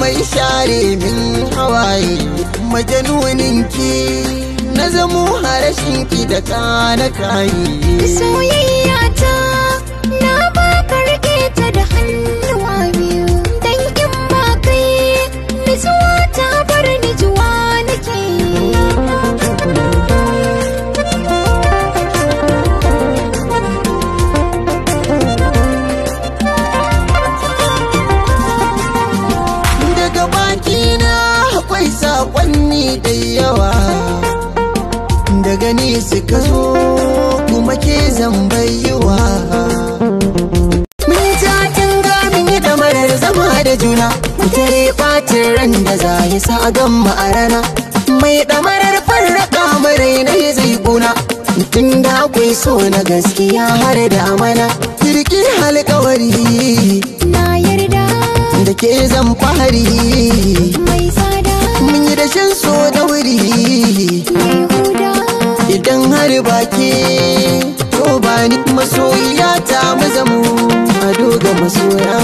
mai share min hawaye majanunin ki na zamo harashin ki da kana kayi soyayya ta yawa daga ni suka zo kuma ke zan bayyuwa mun ta tunga mun yi da zama da juna mutare ɓacin ran da za ya sa a gama a rana mai ɗamarar farraka marai na zai kuna tun da akwai so na gaskiya har da amana kirki halkawari na yarda da ke zan fahari to ba ni masoyiya ta mazamu ado ga masoya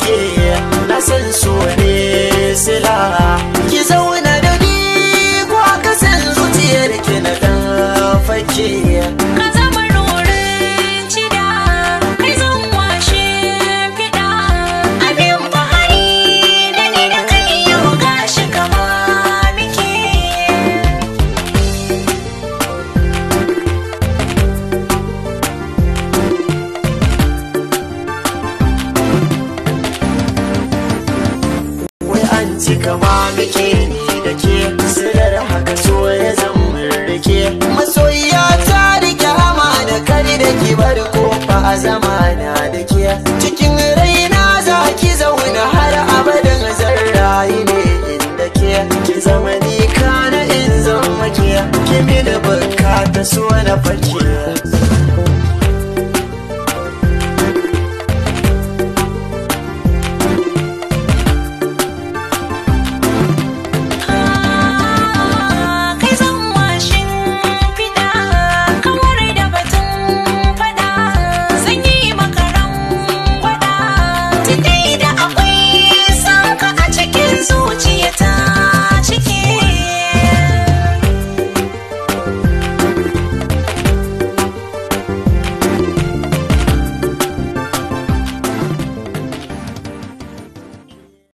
rike na san so cikawa muke ni da ke sirar haka so ya zama rike masoyiya ta rike hama da kari da ke bar kofa a zamana da ke cikin raina za ki zauna har abadan zan rayu ne inda ke ki zama ni kana in zama ke ki da bukata so na fake